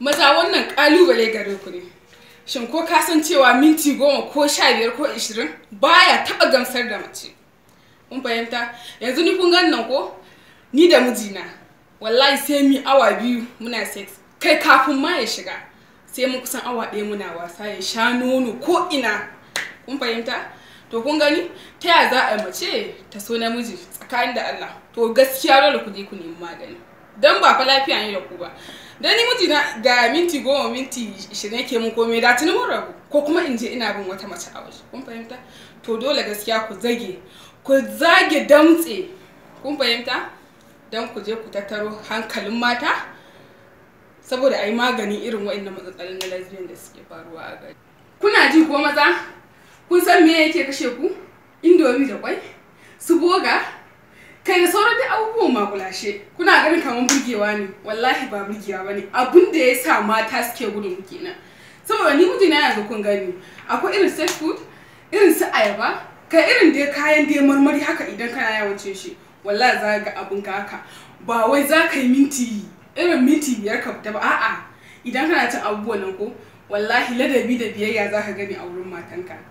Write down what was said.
maza wannan kalubale gare ku ne shin ko ka san cewa minti goma ko sha biyar ko ishirin baya taba gamsar da mace kun fahimta yanzu ni kun gan nan ko ni da mijina wallahi sai mi awa biyu muna sex kai kafin ma ya shiga sai mun kusan awa ɗaya muna wasa ya sha nono ko ina kun fahimta to kun gani ta ya za a mace ta so namiji tsakanin da Allah to gaskiya dole ku je ku nemi magani don ba fa lafiya ne da ku ba dan ni miji da minti goma minti ishirin yake mun komai da tuni mun rabu ko kuma in je ina bin wata mace a waje kun fahimta to dole gaskiya ku zage ku zage damtse kun fahimta don ku je ku tattaro hankalin mata saboda a yi magani irin waɗannan matsatsalin na lesbian da suke faruwa a gari kuna ji ko maza kun san me yake kashe ku indomi da kwai su boga kai da sauran da abubuwan makulashe kuna ganin kamar burgewa ne wallahi ba burgewa ba ne abin da ya sa mata suke gudun kenan saboda ni mijina ga kun gani akwai irin safe food irin su ayaba ka irin da kayan dai marmari haka idan kana yawan cin shi wallahi za ga abin ka haka ba wai za ka yi minti irin minti biyar ka fita ba a'a idan kana cin abubuwan nan ko wallahi ladabi da biyayya za ka gani a wurin matanka